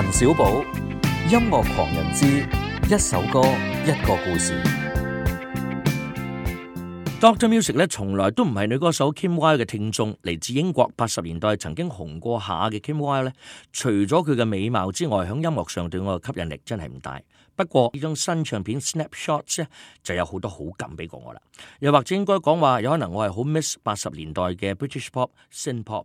陳少寶，音樂狂人之一首歌一個故事。Doctor Music 咧從來都唔係女歌手 Kim Wilde 嘅聽眾，嚟自英國八十年代曾經紅過下嘅 Kim Wilde 咧，除咗佢嘅美貌之外，響音樂上對我嘅吸引力真係唔大。不過呢張新唱片 Snapshots 咧就有好多好感俾過我啦，又或者應該講話有可能我係好 miss 八十年代嘅 British pop、syn pop。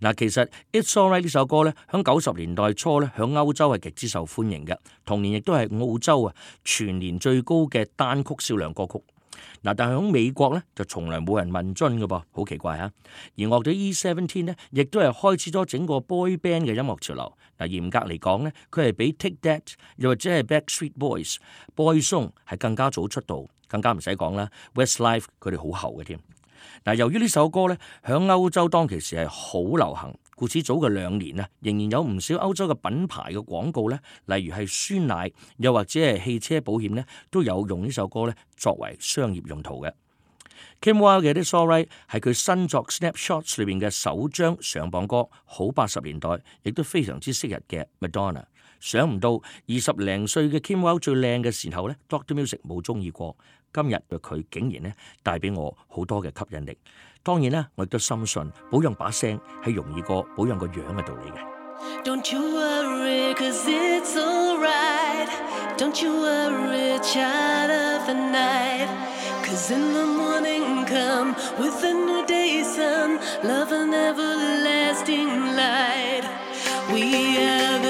嗱，其實《It's Alright》呢首歌咧，喺九十年代初咧，喺歐洲係極之受歡迎嘅。同年亦都係澳洲啊全年最高嘅單曲銷量歌曲。嗱，但係喺美國咧就從來冇人問津嘅噃，好奇怪啊！而樂隊 E Seventeen 咧，亦都係開始咗整個 boy band 嘅音樂潮流。嗱，嚴格嚟講咧，佢係比 Take That 又或者係 Backstreet Boys boy song 係更加早出道，更加唔使講啦。Westlife 佢哋好後嘅添。嗱，由於呢首歌咧響歐洲當其時係好流行，故此早嘅兩年啊，仍然有唔少歐洲嘅品牌嘅廣告咧，例如係酸奶，又或者係汽車保險咧，都有用呢首歌咧作為商業用途嘅。Kim Wilde 嘅《The Sorry》係佢新作《Snapshots》裏邊嘅首張上榜歌，好八十年代，亦都非常之昔日嘅 Madonna。想唔到二十零歲嘅 Kim Wilde 最靚嘅時候咧，Doctor Music 冇中意過。今日對佢竟然呢帶俾我好多嘅吸引力，當然啦，我亦都深信保養把聲係容易過保養個樣嘅道理嘅。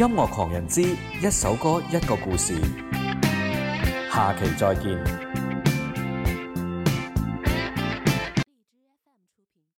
音樂狂人之一首歌一個故事，下期再見。